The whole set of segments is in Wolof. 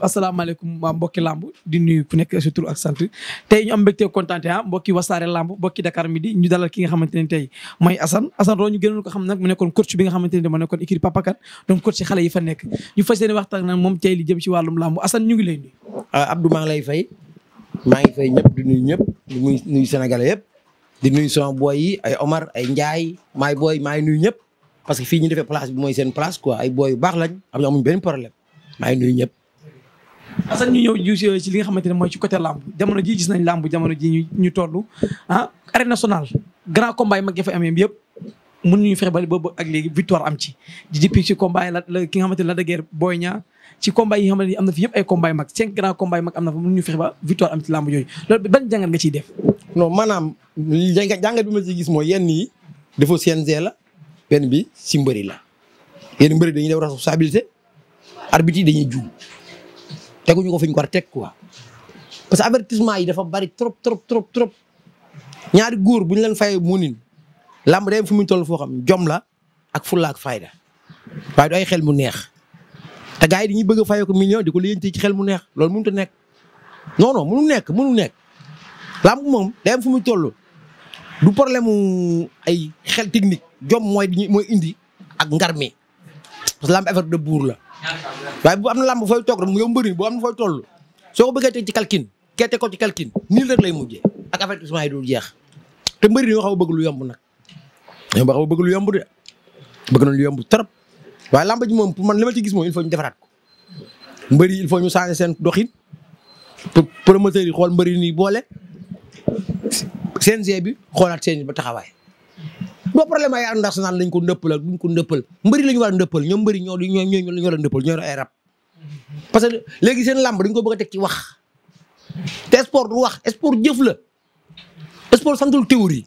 asalaamaaleykum waa mbokki làmb di nuy ku nekk si tur ak sant tey ñu am mbégte kontaan ah mbokki wasaare làmb mbokki Dakar midi ñu dalal ki nga xamante ne tey mooy Assane Assane roo ñu gënoon ko xam nag mu nekkoon coach bi nga xamante ne moo nekkoon équipe Papa Kane donc xale yi fa nekk ñu fas yéene waxtaan nag moom tey li jëm si wàllum làmb Assane ñu ngi lay nuyu. Ah, Abdou maa lay fay maa ngi fay ñëpp di nuyu ñëpp di nuyu Sénégalais yëpp di nuyu sama boy yi ay Omar ay Ndiaye maay boy maay nuyu ñëpp parce que fii ñu defee place mooy seen place quoi ay baax lañ am ñu amuñ benn problème maay nuyu Assane ñu ñëw ju ci li nga xamante ne mooy ci côté làmb jamono ji gis nañ làmb jamono ji ñu ñu toll ah arène nationale grand combat yi mag ya fa yëpp mën ñu fexe ba boobu ak léegi victoire am ci depuis ci combat yi la ki nga xamante ne la dëgër Boy Niang ci combat yi nga am na fi yëpp ay combat yu mag cinq na fa mën ñu fexe ba am ci làmb yooyu loolu ban jàngat nga ciy def non maanaam jàngat bi ma ci gis mooy yenn yi dafa CNG la benn bi si mbëri la yenn mbëri dañuy def responsabilité arbitre yi dañuy juum teguñu ko fi ñu ko war a teg quoi parce que avertissement yi dafa bari trop trop trop trop ñaari góor bu ñu leen fayee munin làmb day fi mu toll foo xam jom la ak fulla ak fayda waaye du ay xel mu neex te gaay yi dañuy bëgg a fayoo ko million di ko liggéeyante ci xel mu neex loolu mënut a nekk non non mënu nekk mënu nekk làmb moom day am fu muy toll du problème mu ay xel technique jom mooy indi ak ngar mi parce que làmb affaire de buur la. waaye bu am na làmb fooy toog mu yow mbëri bu am na fooy toll soo ko bëggee teg ci calcul kee ko ci calcul nii rek la mujjee ak avertissement yi dul jeex te mbëri ñoo xaw a bëgg lu yomb nag ñoo xaw bëgg lu yomb de bëgg na lu yomb trop waaye lamba ji moom man li ma ci gis moom il faut ñu defaraat ko mbëri il faut ñu changer seen doxin pour promoteurs yi xool mbëri ni boole CNG bi xoolaat seen ba taxawaay. doo problème ay international lañ ko ndëppal ak duñ ko ndëppal mbëri la ñu war a ndëppal ñoom mbëri ñoo ñoo ñoo ñu war a ndëppal ñoo ay rab parce que léegi seen làmb dañ ko bëgg a teg ci wax te sport du wax sport jëf la sport santul théorie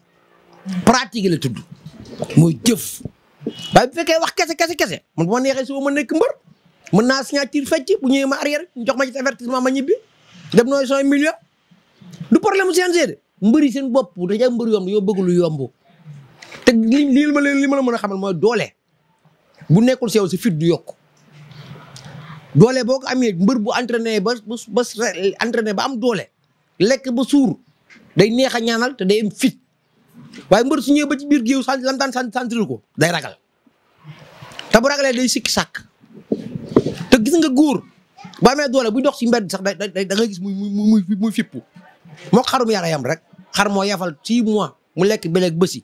pratique la tudd mooy jëf waaye bu fekkee wax kese kese kese man bu ma neexee suba ma nekk mbër mën naa signature fecc bu ñëwee ma arrière jox ma ci avertissement ma ñibbi dem nooy cent millions du problème mu CNG de mbëri seen bopp dañuy am mbëri yomb dañoo bëgg lu yomb li li ma leen ma mën a xamal mooy doole bu nekkul si yow sa fit du yokk doole boo ko amee mbër bu entraîné ba ba entraîné ba am doole lekk ba suur day neex a ñaanal te day fit waaye mbër su ñëwee ba ci biir géew sant lam daan sant santir ko day ragal te bu ragalee day sikki sàkk te gis nga góor ba amee doole buy dox si mbedd sax da da nga gis muy muy fippu moo xarum yàlla yam rek xar moo yafal six mois mu lekk beleeg bësi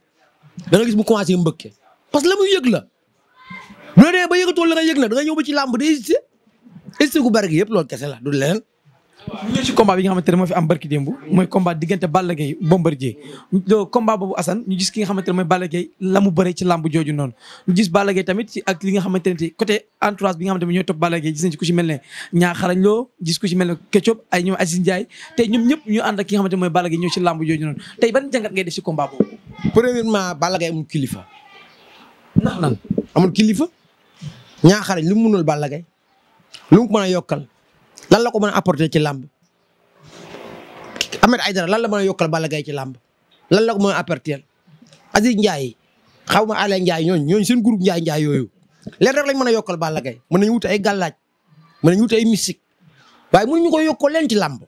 danga nga gis mu commencé mbëkke parce que la yëg la bu la nee ba yëgatoo la nga yëg nag da nga ñëw ba ci làmb di hésité hésité gu yëpp loolu kese la du leneen. ñu ñëw ci combat bi nga xamante ne moo fi am barki démb mooy combat diggante Balla Gaye Bombardier combat boobu Assane ñu gis ki nga xamante ne mooy Balla Gaye la mu bëre ci làmb jooju noon ñu gis Balla tamit ci ak li nga xamante ne côté entourage bi nga xamante ne ñooy topp Balla Gaye gis ne ñaa xarañ loo gis ku ci mel ne Ketchup ay ñoom Aziz Ndiaye tey ñoom ñëpp ñu ànd ak ki nga ne mooy Balla Gaye ñëw ci làmb jooju noonu tey ban jàngat ngay def ci combat boobu premièrement Balla Gaye amul kilifa ndax nan amul kilifa ñaa xarañ lu mu mënul Balla lu mu a yokkal lan la ko mën a ci làmb Ahmed Aïdara lan la mën yokkal Balla Gaye ci làmb lan la ko mën a apporter Aziz Ndiaye xaw ma Alain njaay ñooñ ñooñu seen groupe njaay Ndiaye yooyu leen rek lañ mën a yokkal Balla gay mën nañu wut ay gàllaaj mën nañu wut ay mystique waaye mënuñu ko yokkoo leen ci làmb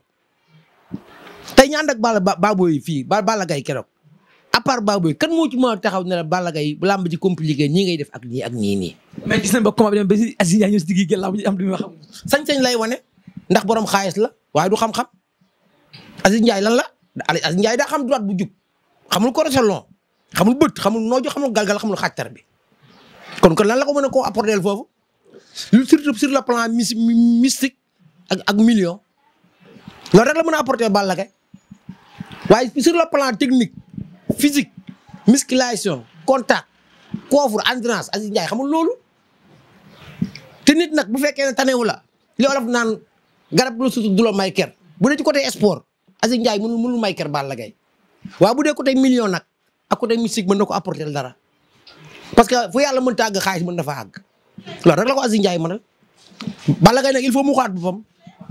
tey ñu ànd ak Balla Baboy fii ba Balla Gaye keroog à part Baboy kan moo ci mën a taxaw ne la Balla Gaye làmb ji compliqué ñii ngay def ak ñii ak ñii nii. mais gis nañ ba comment bi dem sañ-sañ lay wane. ndax boroom xaalis la waaye du xam-xam Aziz Ndiaye lan la Aziz Ndiaye daa xam droite bu jub xamul xam xamul bët xamul noojo xamul galgal xamul xaajtar bi kon kon lan la ko mën a koo apporter foofu lu surtout sur le plan mystique ak ak million loolu rek la mën a apporter Balla Gaye waaye sur le plan technique physique musculation contact coffre endurance Aziz Ndiaye xamul loolu te nit nag bu fekkee ne tanewu la li olof naan garab bu la sutu du la may bu dee ci côté sport a Ndiaye mënul mënul may ker Balla Gaye waaye bu dee côté million nag ak côté musique mën na ko apporter dara parce que fu yàlla mën ta àgg xaalis mën na fa àgg loolu a la ko Aziz Ndiaye mën a Balla nag il faut mu xaat boppam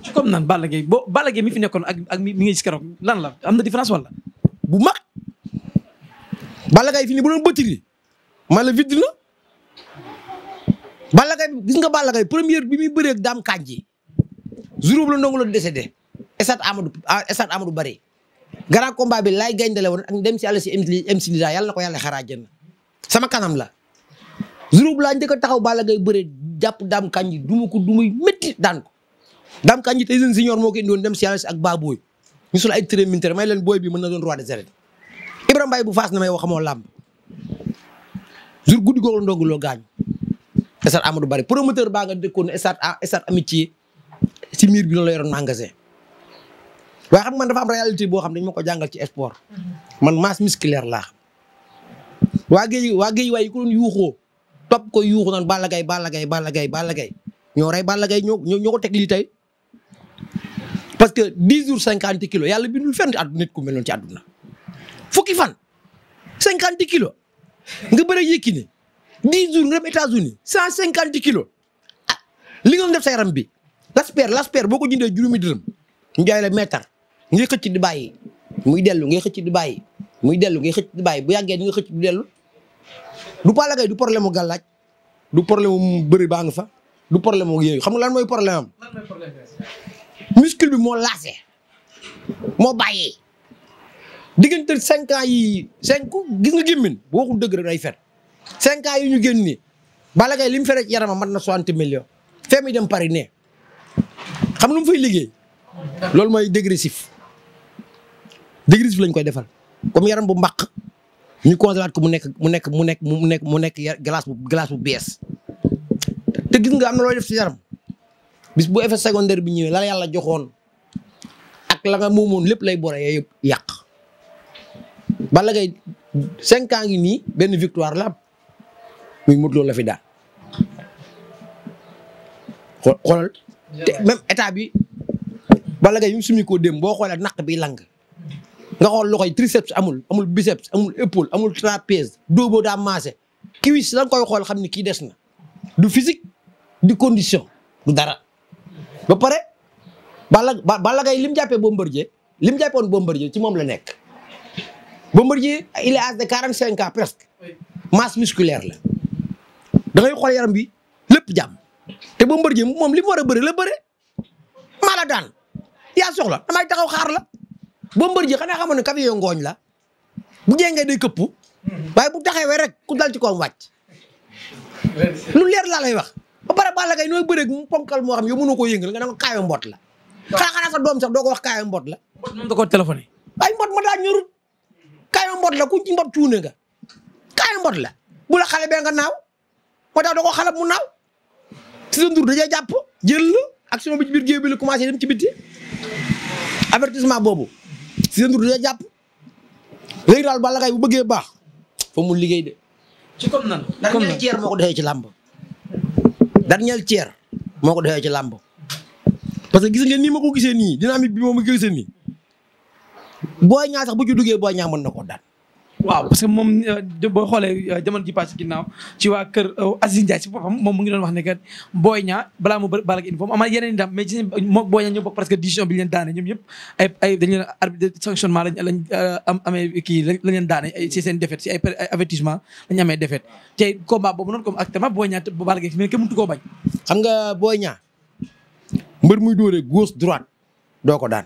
ci comme naan Balla Gaye boo Balla mi fi nekkoon ak ak mi ngi si keroog lan la am na différence wala bu mag Balla Gaye fi ni bu doon bëtiri man la vidd na gis nga Balla Gaye première bi muy bëree ak daam jour boobu la Ndongo Lo di décédé stade Amadou ah, stade Amadou Barry grand combat bi laay gaynde la woon dem si àll si MC Lida yàlla na ko yàlla xaraajal na sama kanam la jour boobu laa taxaw Balla Gaye bëree jàpp Dame Kandji duma ko du muy métti daan ko Dame moo ko dem si àll ak Baboy ñu sol ay tëré militaire may leen bi mën na doon roi des arènes bu faas na may wax xamoo làmb jour guddi googu la Ndongo Lo gaañ stade Amadou Barry promoteur baa nga dëkkoon stade ah, stade amitié ci miir bi loolu la yoroon magasin waaye xam man dafa am réalité boo xam dañ moo ko jàngal ci sport man masse musculaire laa xam waa géej waa géej waaye ko doon yuuxoo topp ko yuuxu naan Balla Gaye Balla gay Balla Gaye Balla Gaye ñoo rey Balla Gaye ñoo ko teg lii parce que dix jours cinquante kilos yàlla bindul fenn at nit ku mel noonu ci àdduna fukki fan cinquante kilos nga bëre Yékini dix jours nga dem États-Unis cinquante kilo ah li nga def sa yaram bi. l'asper l'asper boo ko jëndee juróomi dërëm ñu jaay la meetar ngay xëcc di bàyyi muy dellu ngay xëcc di bàyyi muy dellu ngay xëcc di bu yàggee di nga xëcc di dellu du Balla Gaye du problème mu gàllaaj du problème mu bëri baa nga fa du problème mu yooyu xam nga lan mooy problème am. muscle bi moo laase moo bàyyi diggante cinq ans yi cinq gis nga gémmin bu waxul dëgg rek day fet cinq ans ñu génn nii Balla li mu feree ci yaramam mat na soixante millions fee mi dem Paris ne. xam lu mu fay liggéey loolu mooy dégressif dégressif lañ koy defal comme yaram bu mbaq ñu conservé ko mu nekk mu nekk mu nekk mu nekk mu nekk glace bu glace bu bees te gis nga am na looy def si yaram bis bu effet secondaire bi ñëwee la la yàlla joxoon ak la nga moomoon lépp lay bore yëpp yàq bala ngay cinq ans ngi nii benn victoire la muy mut loolu la fi daal xoolal te même état bi Balla Gaye bi mu summi dem boo xoolee naq bi lang nga xool loxo yi triceps amul amul biceps amul épaule amul trapèze dóoboo daa maase kiwis da nga koy xool xam ni kii des na du physique du condition du dara ba pare Balla Balla Gaye li mu jàppee Bombardier li mu jàppoon Bombardier ci moom la nekk Bombardier il est âgé de quarante cinq ans presque masse musculaire la da ngay xool yaram bi lépp jàmm te mu moom li mu war a bëri la bëre maa la daan yaa soxla damay taxaw xaar la Bombardier xanaa xamoon ne kafe yoo la bu jengee day këpp waaye bu taxawee rek ku dal ci kawam wàcc. lu leer laa lay wax ba pare Balla Gaye nooy bëreeg mu ponkal moo xam yow mënoo koo yëngal nga ne ko kaayo mboot la. xanaa xanaa sa doo ko wax kaayo mboot la. mboot moom koo téléphoné. ay mboot ma daa ñorut la ku ci mboot cuune nga kaayo mboot la bu la xale bee nga naaw moo tax da koo mu naaw. si sa ndur dañuy jàpp jël la action bi ci biir géew bi la commencé dem ci bitti avertissement boobu si sa ndur dañuy jàpp léegi daal Balla Gaye bu bëggee baax fa mu liggéey de. ci comme nan comme nan defee ci làmb. dernier tiers moo ko defee ci làmb. parce que gis ngeen nii ma ko gisee nii dynamique bi moom ma gisee nii booy ñaa sax bu ci duggee booy ñaa mën na koo daan. waaw parce que moom euh, boo xoolee euh, jamono ji passé ginnaaw ci waa kër euh, Aziz Ndiaye si boppam moom mu ngi doon wax ne kat Boy Niang balaa mu bë Balla Gaye uniforme ama yeneen i tam mais daane ñoom am amee kii lañ leen daane si seen défaite si ay avertissement lañ amee défaite te combat boobu noonu comme actuellement Boy Niang Balla Gaye mais kenn mëntu koo bañ xam nga booy Niang mbër muy dóoree gauche droite doo ko daan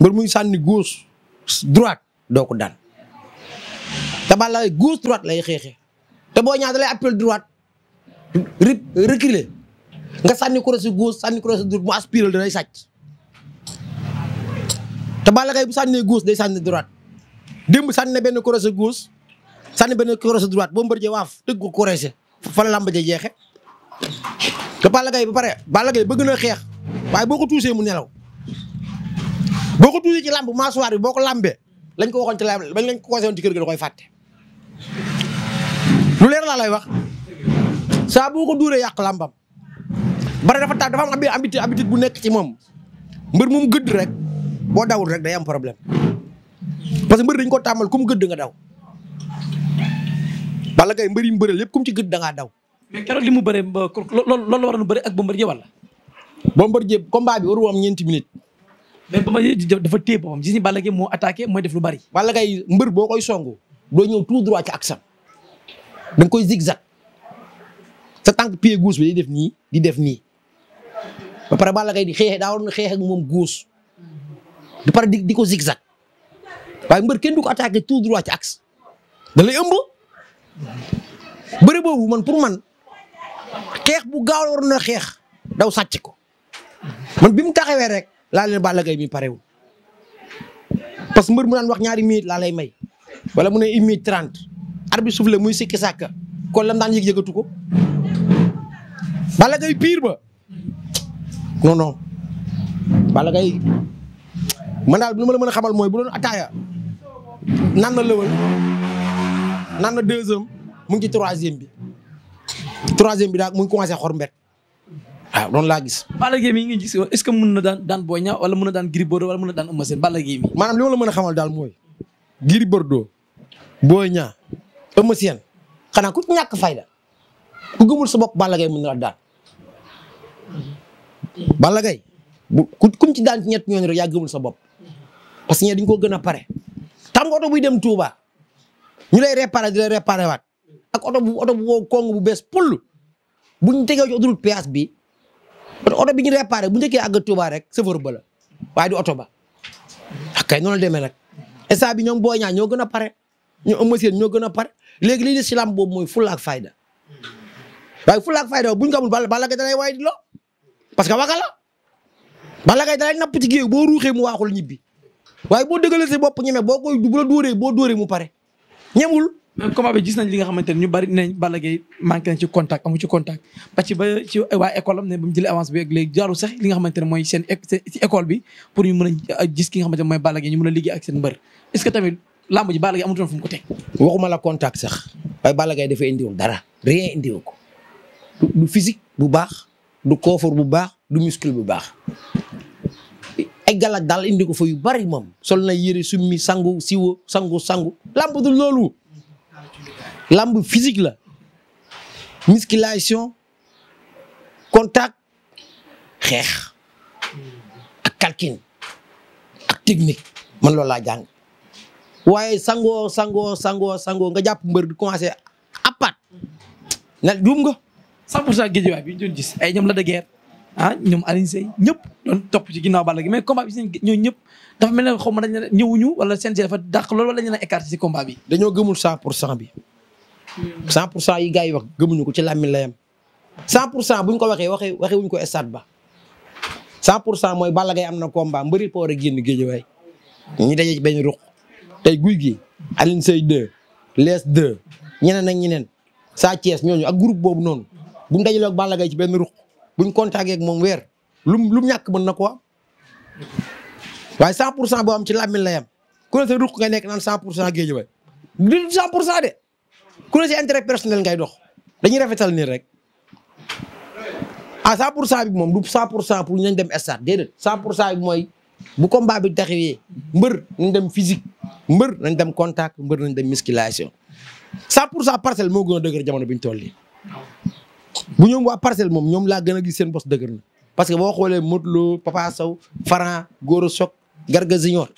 mbër muy sànni gauche droite doo ko daan te Balla Gaye gauche droite lay xeexe te boo Niang da lay appel droite reculer nga sànni ko si gauche sànni ko si droite mu aspiral danay lay sàcc te Balla Gaye bu sànnee gauche day sànni droite démb sànni na benn korosé gauche sànni benn korosé droite boo mbër jee waaf tëgg ko korosé fa la làmb jee jeexe te Balla Gaye ba pare Balla Gaye bëgg na xeex waaye boo ko tuusee mu nelaw boo ko tuusee ci làmb masuwaar boo ko lambee lañ ko waxoon ci laaj bañ lañ ko conseillé woon ci kër koy fàtte. lu leer laa lay wax saa boo ko duuree yàq làmbam bare dafa tax dafa am habitude bu nekk ci moom mbër moom gëdd rek boo dawul rek day am problème parce que mbër dañ ko tàmmal ku mu gëdd nga daw. Balla Gaye mbër yi mu bëreel yëpp ku ci gëdd da ngaa daw. mais keroon li mu bëree loolu loolu waroon bëri ak Bombardier wala. Bombardier combat bi waru am ñeenti minutes mais Bombardier dafa téye boppam gis ni Balla Gaye moo attaqué mooy def lu bari. Balla Gaye mbër boo koy songu doo ñëw tout droit ci aksam da nga koy zigzag sa tànk pied gauche bi day def nii di def nii ba pare Balla Gaye di xeex daa waroon xeex ak moom gauche ba di ko zigzag waaye mbër kenn du ko attaqué tout droit ci axe da lay ëmb bëri boobu man pour man xeex bu gaaw la waroon na xeex daw sàcc ko man bi mu taxawee rek. laa leen Balla Gaye mi parewul parce que mbër mu naan wax ñaari minutes laa may wala mu ne une minute trente arbitre souffle muy sikki sàkka kon lam daan yëg yëgatu ko Balla Gaye pire ba non non Balla Gaye ma la mën a xamal mooy bu doon ataaya naan na lëwal naan na deuxième mu ngi ci troisième bi troisième bi daal mu ngi commencé xor mbet ah loolu laa gis. Balla Gaye mi ngi gis est-ce na daan daan Boy Niang wala mën na daan Gris Bordeaux wala mën na daan Eumeu Sène Balla Gaye mi. a xamal mooy. Gris Bordeaux. Boy Niang. Eumeu Sène. xanaa ku ñàkk fayda ku gëmul sa bopp Balla Gaye mën na la daan. Balla Gaye bu ku ci daan ci ñett ñooñu rek yaa gëmul sa bopp. parce que ñee ko gën a pare. xam nga oto buy dem tuuba ñu lay réparé di lay waat. ak oto bu oto bu wow kong bu bees pull. buñ tegee ci autoroute bi. parce que oto bi ñu réparé bu njëkkee àgg Touba rek chauffeur ba la waaye du oto ba akay ah, noonu la demee nag instant bi ñoom booy ñaa ñoo gën a pare ñoo ëmb seen ñoo gën a pare léegi li si làmb boobu mooy fulla ak fayda waaye fulla ak fayda buñ ko amul bala bala nga dalay waaye lo parce que waga la bala ngay dalay napp ci boo ruuxee mu waaxul ñibbi waaye boo dëgalee sa bopp ñeme boo koy bu la dóoree boo dóoree mu pare ñemul mais combat bi gis nañ li nga xamante ne ñu bari nañ Balla Gaye manqué na ci contact amu ci contact parce que ba ci waa école am ne ba mu jëlee avance bi ak léegi jaarul sax li nga xamante ne mooy seen ci école bi pour ñu mën a gis ki nga ne mooy Balla Gaye ñu mën a liggéey ak seen mbër est-ce que tamit lamb ji Balla Gaye amutoon fu mu ko la contact sax waaye Balla defee dafay indiwul dara rien indiwu ko du physique bu baax du koofur bu baax du muscle bu baax ay daal indi ko fa yu bari moom sol na yëre summi sangu siwo sangu sangu lamb du loolu lamb physique la musculation contact xeex ak calcul ak technique man loolu laa jàng waaye sangoo sangoo sangoo sangoo nga jàpp mbër di commencé appat na juum nga. 100 pour cent géej waay bi ñu doon gis ay ñoom la de guerre ah ñoom Alioune Seye ñëpp doon topp ci ginnaaw Balla gi mais combat bi seen ñëpp dafa mel ne xaw ma dañ ne ñëwuñu wala seen dafa dàq loolu wala ñu ne écarté ci combat bi. dañoo gëmul 100 pour cent bi. 100 pour cent yi gars yi wax ko ci làmmiñ la yam 100 pour cent ñu ko waxee waxee waxee wuñ ko stade ba 100 pour cent mooy Balla Gaye am na combat mbëri poore génn géejewaay ñu ci benn ruq tey guy gi Alioune Seye 2 les 2 ñeneen ak ñeneen Sa Thiès ñooñu ak groupe boobu noonu buñ dajale ak Balla Gaye ci benn ruq buñ contacté ak moom weer lu lum ñàkk mën na ko am waaye 100 pour cent boo am ci làmmiñ la yam ku ne sa ruq nga nekk naan 100 cent géejewaay du ku ne si intérêt personnel ngay dox dañuy rafetal nii rek à ah, 100 pour cent bi moom du 100 pour cent pour ñu dem stade déedéet 100 pour cent bi mooy bu combat bi taxawee mbër nañ dem physique mbër nañ dem contact mbër nañ dem musculation 100 pour cent parcelle moo gën a dëgër jamono bi ñu toll nii bu ñoom waa parcelle moom ñoom laa gën a gis seen bos dëgër na parce que boo xoolee Modou Lo Papa Sow Franc Goro Sock Garga Junior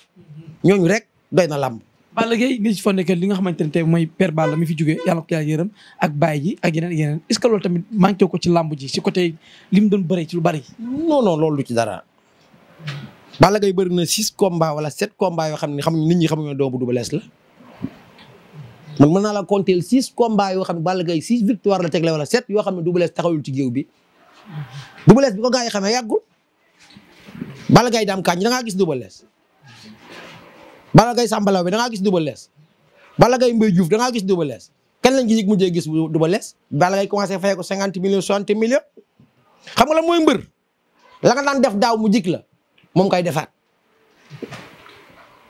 ñooñu rek doy na làmb Balla Gaye ni ci fonde li nga xamante ne tey mooy père Balla mi fi jógee yàlla ko yàlla yërëm ak baay ji ak yeneen yeneen est ce que loolu tamit manqué ko ci làmb ji si côté li mu doon bëree ci lu bari. non non loolu ci dara. Balla Gaye bëri na six combats wala sept combats yoo xam ne xam nit ñi xamuñu doomu Double Less la man mën naa la compter six combats yoo xam ne Balla Gaye six victoire la tegle wala set yoo xam ne Double Less taxawul ci géew bi. Double Less bi ko gaa yi xamee yàggul Balla Gaye daam kaañ da ngaa gis Double Less bala Gaye Samba bi da ngaa gis Double Less Balla Gaye Mbaye Diouf da ngaa gis Double kenn la ci mujjee jee Double Less Balla Gaye commencé fay ko cinquante millions soixante millions xam nga la mooy mbër la nga daan def daaw mu jik la moom kay defaat.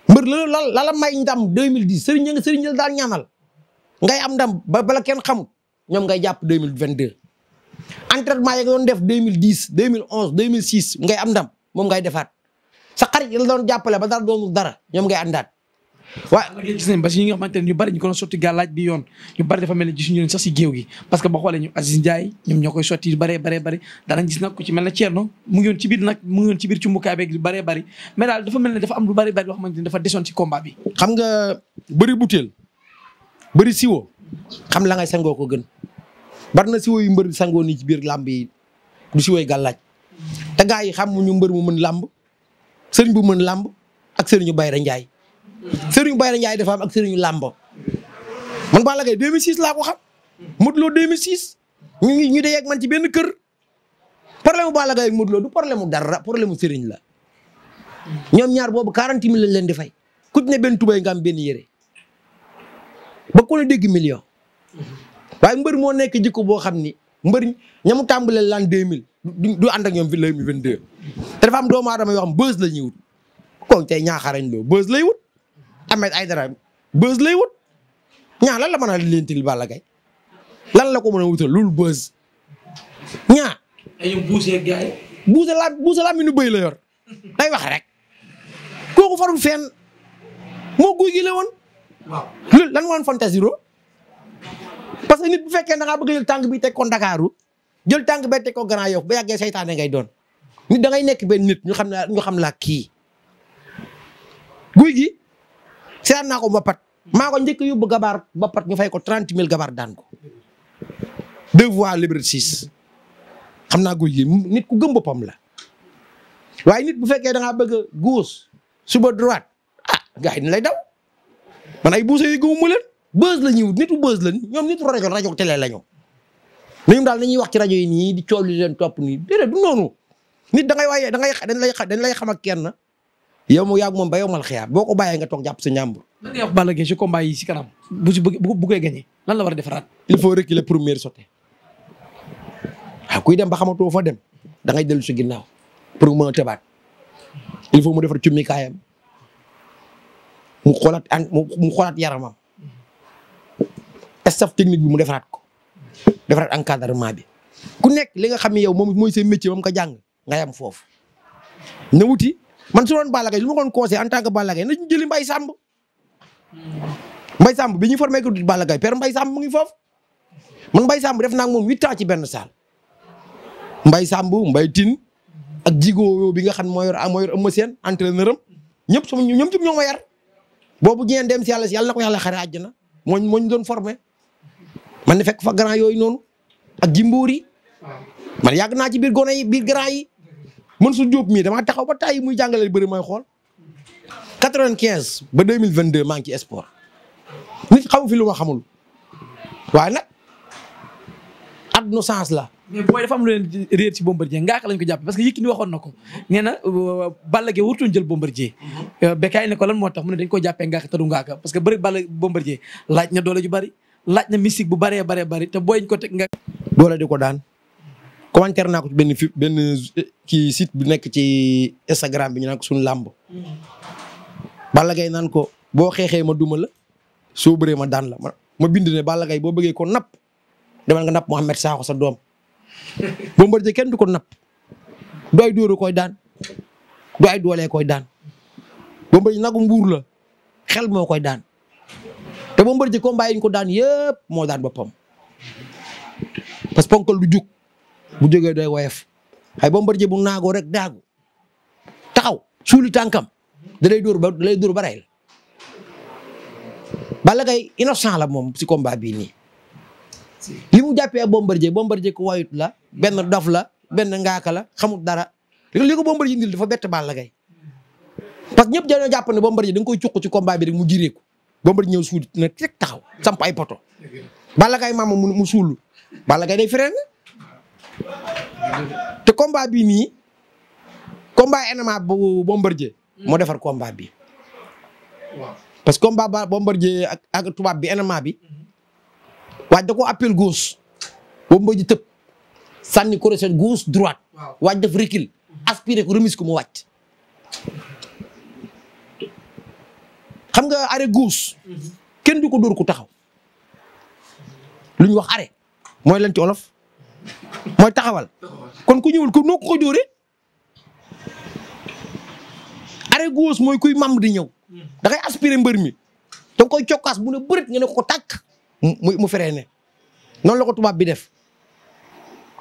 mbër la la la may ndam 2010 sëriñ nga sëriñ la daan ñaanal ngay am ndam ba bala kenn xam ñoom ngay jàpp 2022 entraînement ya nga doon def 2010 2011 2006 ngay am ndam moom ngay defaat. sa xarit yi la doon jàppale ba dara doonul dara ñoom ngay àndaat. waaw nga gis nañ parce que ne ñu bari ñu ko doon sotti gàllaaj bi yoon ñu bari dafa mel ne gisuñu leen sax si géew gi parce que ba xoolee ñu Aziz Ndiaye ñoom ñoo koy sotti baree baree bari danañ dafa am lu bari bari dafa desoon ci combat xam nga bëri butéel bëri siwo xam la ngay sangoo ko gën bari na siwo yu mbër sangoo nii ci biir làmb yi du siwoy gàllaaj te gaa yi xamuñu mbër mu mën làmb sëriñ bu mën lamb ak sëriñu Bayra Ndiaye sëriñu Bayra Ndiaye dafa am ak sëriñu làmb man Balla Gaye 2006 laa ko xam Modou Lo 2006 ñu ñu ñu dee ak man ci benn kër problème mu Balla Gaye Lo du problème mu dara problème mu sëriñ la ñoom ñaar boobu 40 mille lañ leen di fay ku ne benn tubay nga am benn yére ba ku la dégg million waaye mbër moo nekk jikko boo xam ni mbëriñ ña mu tàmbalee l'an 2000 du ànd ak ñoom fi 2022 te dafa am doomu aadama yoo xam bës la ñuy wut kooku tey ñaaxarañ loo bës lay wut ay Aïdara bës lay wut ñaa la la mën a lentil Balla Gaye lan la ko mën a wutal loolu bës ñaa dañu buusee gars la buuse la mi nu bëy la yor day wax moo guy gi la woon waaw lan woon fantasiro parce que nit bu fekkee da ngaa bëgg jël tànk bi teg ko Ndakaaru jël tànk bee teg ko Grand Yoff ba yàggee seytaane ngay doon nit da ngay nekk benn nit ñu xam ne ñu xam laa kii guy gi seetaan naa ko bapat maa ko njëkk yóbbu gabaar mbapat fay ko trente mille gabaar daan ko deux voies liberté six xam naa guy gi nit ku gëm boppam la waaye nit bu fekkee da ngaa bëgg a gauche suba droite ah gars yi ni lay daw man ay buuse yi gëmuma leen buzz la ñuy wut nitu buzz lañ ñoom nitu rajo rajo télé la ñu. ñoom daal dañuy wax ci rajo yi nii di coow li leen topp nii déedéet du noonu nit da ngay waaye da ngay dañ lay dañ lay xam ak kenn yow mu yàgg moom ba yow mal xiyaar boo ko bàyyee nga toog jàpp sa njàmbur. lan ngay wax Balla Gaye ci combat yi ci kanam bu si bu bu koy gagné lan la war a defaraat. il faut reculer première sauté waaw ah, kuy dem ba xamatoo fa dem da ngay dellu si ginnaaw pour mën a tëbaat il faut mu defar cummi kaayam mu xoolaat mu xoolaat yaramam. staff technique bi mu defaraat ko defaraat encadrement bi ku nekk li nga xam ne yow moom mooy seen métier moom ko jàng nga yam foofu. na wuti man su doon Balla Gaye lu ma doon conseil en tant que Balla Gaye nañu jëli Mbaye Samb Mbaye Samb bi ñu formé ko Balla Gaye père Mbaye mu ngi foofu man Mbaye Samb def naa huit ans ci benn saal Mbaye Samb Mbaye Tine ak Jigo bi nga xam moo yor moo yor ëmma seen entraîneur am ñëpp sama ñoom ñoom ma yar boobu ñeen dem si yàlla si yàlla ko yàlla xare àjjana mooñ mooñ doon formé man ne fekk fa grand yooyu noonu ak jimboor yi man yàgg naa ci biir gone yi biir grand yi man su Diop mii dama taxaw ba tay muy jàngale bëri may xool 95 ba 2022 maa ngi ci sport nit xamu fi lu ma xamul waaye nag àdduna sens la. mais booy dafa am lu leen réer ci Bombardier ngaaka lañ ko jàpp parce que Yékini waxoon na ko nee na euh, Balla Gaye wutuñ jël Bombardier. Mm-hmm. Euh, Bécaye ne ko lan moo tax mu ne ko jàppee ngaaka te du parce que bëri Balla Bombardier laaj na doole ju bari. laaj na mystique bu bëree baree bëri te booy ñu ko teg nga. doole di ko daan commentaire naa ko ci benn fi benn ci site bi nekk ci Instagram bi ñu naan ko suñu làmb. Balla Gaye naan ko boo xeexee ma duma la soo bëree ma daan la ma bind ne bala gay boo bëggee ko napp demal nga napp Mouhamed Sakho sa doom. Bombardier kenn du ko napp du ay dóoru koy daan du ay doolee koy daan Bombardier nagu mbuur la xel moo koy daan. te Bombardier combat yi ñu ko daan yëpp moo daan boppam parce que ponkal du jug bu jógee day woyef ay Bombardier bu naagoo rek daagu taxaw suuli tànkam da lay dóor ba da lay dóor ba rey la Balla la moom si combat bii nii li mu jàppee Bombardier Bombardier ku wayut la benn dof la benn ngaaka la xamul dara li ko Bombardier indil dafa bett Balla Gaye parce que ñëpp dañoo jàpp ne Bombardier da nga koy cuq ci combat bi rek mu jireeku Bombardier ñëw suul na rek taxaw samp ay poto. Balla Gaye mu suul Balla Gaye day te combat bii nii combat MMA bu Bombardier moo defar combat bi. waaw parce que combat ba Bombardier ak bi MMA bi waaj da ko appel gauche Bombardier tëb sànni crochet gauche droite waaj def recul aspiré ko remise ko mu wàcc. xam nga arrêt gauche kenn du ko dóor ku taxaw lu ñu wax arrêt mooy lan ci olof mooy taxawal kon ku ñëwul ko noo ko ko dóoree arrêt mooy kuy mam di ñëw da aspire aspiré mbër mi da nga koy cokkaas bu ne bërit ñu ne ko tàkk mu mu feree ne noonu la ko tubaab bi def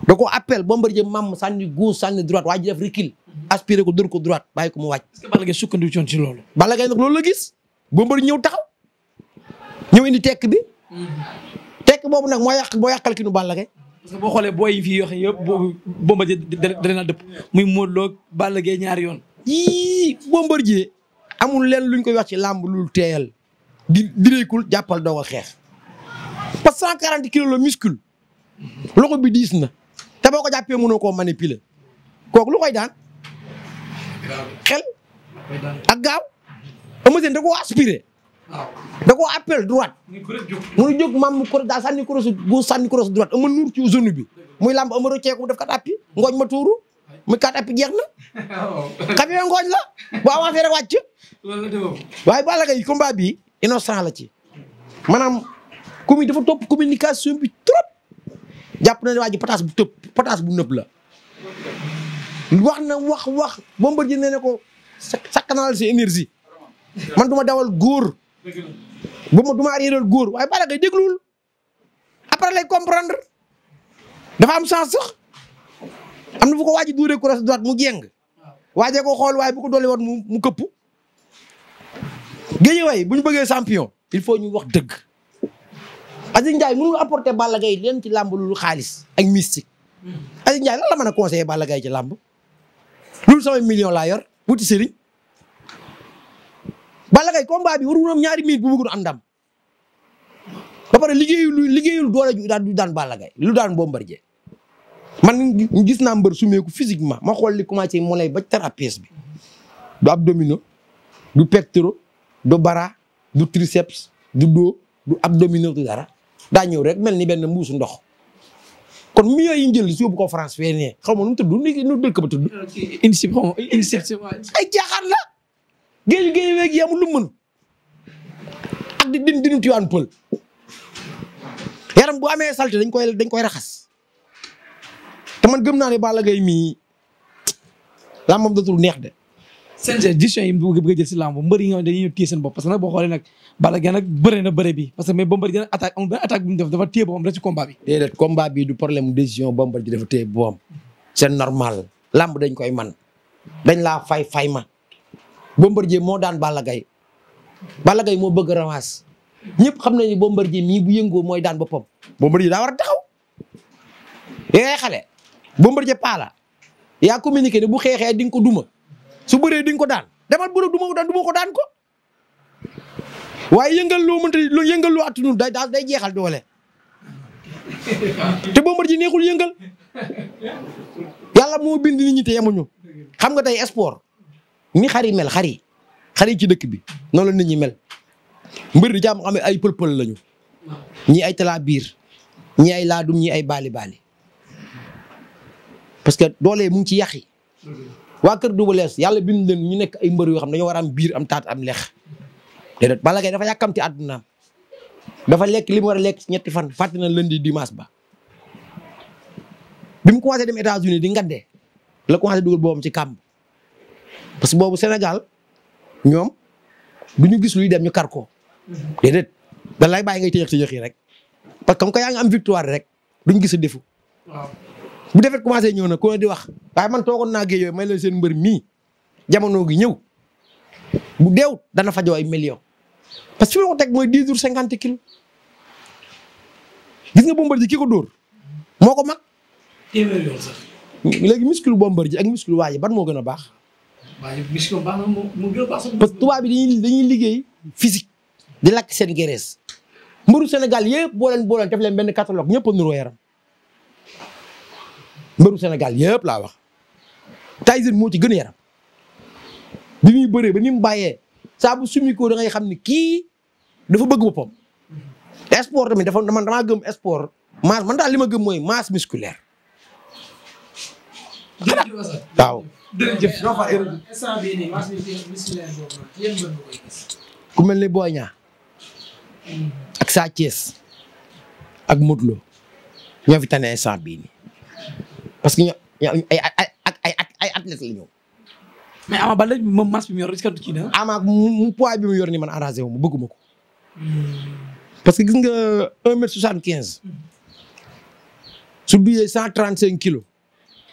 da ko appel Bombardier mam sànni gauche sànni droite waa ji def recul aspiré ko dóor ko droite bàyyi ko mu wàcc. est-ce que Balla Gaye sukkandiku ci loolu. Balla Gaye la gis. Bombardier ñëw taxaw ñëw indi tekk bi. Mm-hmm. tekk boobu nag moo yàq boo yàqal ki nu Balla Gaye parce que boo xoolee booy yi fi yoo xam yëpp boobu Bombardier dana na dëpp muy Modou Lo Balla Gaye ñaari yoon. yii Bombardier amul leen luñ koy wax ci làmb lu di direekul jàppal doog xeex parce que 140 kilos la muscule loxo bi diis na te boo ko jàppee mënoo koo manipuler kooku lu koy daan xel ak gaaw. Eumeu Sène da koo aspiré. da koo appel droite. muy jóg maam mu ko daa sànni crosse gauche sànni crosse droite ama nuur ci zone bi. muy làmb ama rocceeku def dafa appi ngooñ ma tuuru. mu kat appi na. xam nga ngooñ la boo avancé rek wàcc. waaye ba Gaye combat bi innocent la ci. maanaam commune dafa topp communication bi trop. jàpp na ne pataas bu tëb pataas bu nëb la. wax na wax wax Bombardier ne ne ko sakkanal sa énergie. man du dawal góor. bu ma du ma arriéral góor waaye Balla Gaye dégluwul après lay comprendre dafa am sens am na fu waaj a duuree cross mu jéng. waajee ko xool waaye bu ko dolli woon mu mu këpp. géej way bu ñu bëggee champion il faut ñu wax dëgg Aziz injaay mënul apporter Balla Gaye leen ci làmb lu xaalis ak mystique. Aziz Ndiaye lan la mën a conseiller Balla Gaye ci làmb. loolu samay million laa yor wuti sëriñ ba Gaye combat bi waru am ñaari minutes bu bëggoon am ba pare liggéeyul liggéeyul doole ju daan du daan Balla lu daan Bombardier man gis naa mbër sumeeku physiquement ma xool li commencé mu lay ba trapèze bi du abdominaux du pectoraux du bara du triceps du dos du abdominaux du dara daa ñëw rek mel ni benn mbuusu ndox kon millions yi ñu si yóbbu ko France fee nee xaw ma nu mu tudd nu dëkk ba tudd. initiative ay jaaxaan géeju géej weeg yi amul lu mën ak di din dinu tiwaan pël yaram bu amee salte dañ koy raxas te man gëm naa ne Balla Gaye mii làmbam neex de. seen gestion yi mu bëgg a jël si yi nga xam ne dañuy téye seen bopp parce boo xoolee nag Balla Gaye bëre na bëre bi parce que mais Bombardier attaque amul benn attaque bu mu def dafa téye boppam rek ci combat bi. déedéet combat bi du problème décision Bombardier dafa téye boppam c'est normal làmb dañ koy man dañ laa fay fay ma. Bombardier moo daan Balla Gaye moo bëgg revanche ñëpp xam nañu ne Bombardier mii bu yëngoo mooy daan boppam Bombardier daa war a taxaw yéen eh, xale yaa communiqué ne bu xeexee di nga ko duma su bëree di ko daan demal bëre duma ko daan duma ko daan ko waaye yëngal loo mënta loo yëngal loo attunu day daal day jeexal doole te Bombardier neexul yëngal yàlla moo bind nit ñi te yemuñu xam nga tey sport. mi xari mel xari xari ci dëkk bi noonu la nit ñi mel mbër di jàmm xam ne ay pël-pël lañu ñii ay talaa biir ñii ay laadum ñii ay bali baali parce que doole mu ngi ci yàq yi waa kër Double Less yàlla bind leen ñu nekk ay mbër yoo xam dañoo war a am biir am taat am lex déedéet Balla Gaye dafa yàkkamti àddunaam dafa lekk li mu war a lekk ñetti fan fàtte na lundi dimanche ba bi mu commencé dem États-Unis di ngandee la commencé dugal boobam ci kàmb parce que boobu Sénégal ñoom bu ñu gis luy dem ñu kar ko déedéet da lay bàyyi ngay tëjëx tëjëx yi rek parce que comme que yaa ngi am victoire rek duñ gis a defu. bu defet commencé ñëw na ku ne di wax waaye man toogoon naa géej yooyu may leen seen mbër mii jamono gi ñëw bu deewut dana fajoo ay millions parce que fi ma ko teg mooy dix jours cinquante kilos gis nga Bombardier ki ko dóor moo ko mag. téeméer yoon sax. léegi muscle Bombardier ak muscle waa ji ban moo gën a baax. waaye mission baax a baax parce que tubaab dañuy dañuy liggéey physique di lakk seen gerees mbëru Sénégal yëpp boo leen boo leen def benn catalogue ñëpp a nuroo yaram mbëru Sénégal yëpp laa wax Tyson moo ci gën a yaram bi muy bëree ba ni mu bàyyee saa bu sumi ko da ngay xam ni kii dafa bëgg boppam sport tamit dafa man damaa gëm sport masse man daal li ma gëm mooy masse musculaire waaw jërëjëf ku mel ni Boy Niang ak Sa Thiès ak Modou Lo ñoo fi tane instant parce que ñoo ay ay ay ay athlètes la ñu. mais Ama Baldé moom masse bi mu yor est mu poids bi mu yor ni man arrangé wu ma bëgguma hmm. parce que gis nga un mètre soixante quinze. su duyee cent trente cinq kilos.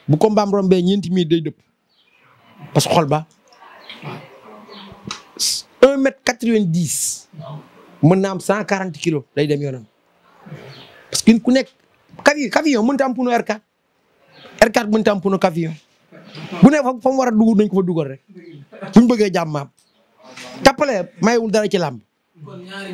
bu combat am rombee ñeenti mi day dëpp. parce que xol ba un mètre quatre-vingt-dix mën na am cent quarante kilos day dem yoonam parce que ku nekk cavillon cavillon mënut a am pneu R4 R4 mënut a am pneu bu ne fa mu war dugg dañ ko fa dugal rek bu ñu bëggee jàmmaam tappale mayewul dara ci làmb kon ñaari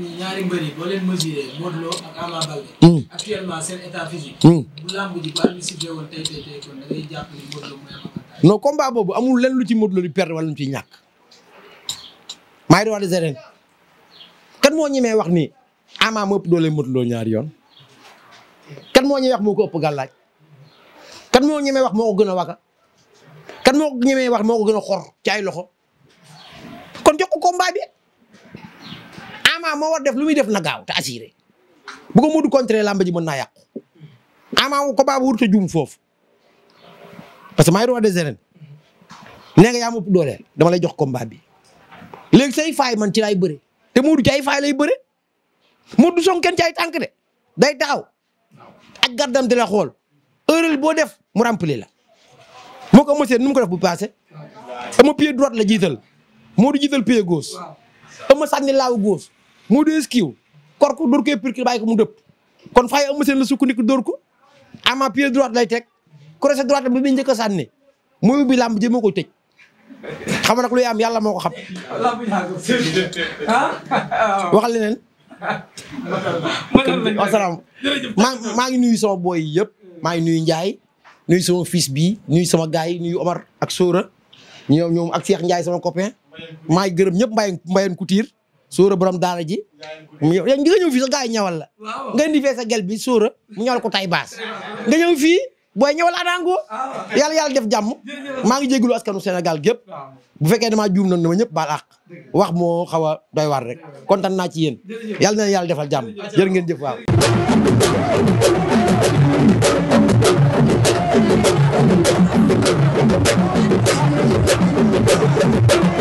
non combat boobu amul lu ci Modou Lo di perdre wala lu ciy ñàkk maa ngi doon wax kan moo ñemee wax ni Ama moo ëpp doole Modou Lo ñaari yoon kan moo ñemee wax moo ko ëpp kan moo ñemee wax moo gën a waka kan moo ñemee wax moo ko gën a xor ci ay loxo kon jox ko combat bi Ama moo war def lu muy def na gaaw te assuré bu ko Modou contrer làmb ji mën naa yàqu Ama ko combat bu wurtu juum foofu. parce que maay roi des ne nee nga yaa ma doole dama lay jox combat bi léegi say faay man ci laay bëre te Modou ci ay faay lay bëre Modou du song kenn ci day daaw ak gardam di la xool heure boo def mu rempli la moo ko monsieur nu mu ko def bu passé ama pied la jiital Modou jiital pied gauche ama sànni laaw gauche Modou esquive kor ko dóor koy pirkil bàyyi ko mu dëpp kon faay ama la sukkandiku dóor ko ama pied droite lay teg crochet droite bi muy njëkk a sànni muy bi làmb ji moo koy tëj xam nag am yàlla moo ko xam. Ah? maa maa ngi nuyu sama booy yëpp maa ngi nuyu Ndiaye nuy sama fils bii nuyu sama gars yi nuyu Omar ak Sora ñoom ñoom ak Cheikh Ndiaye sama copain maa ngi gërëm ñëpp Mbaye Mbaye Couture Sora borom daara ji yow nga ñëw fii sa gars yi ñawal nga indi gel bi Sora mu ñawal ko baas nga ñëw fii booy ñëw laa daangu ah, yàlla yàlla def jàmm maa ngi jégalu askanu senegal gépp bu fekkee damaa juum noonu dama ñëpp baal wax moo xaw a doy waar rek kontaan naa ci yéen yàlla na yàlla defal jàmm jërë ngeen jëf waaw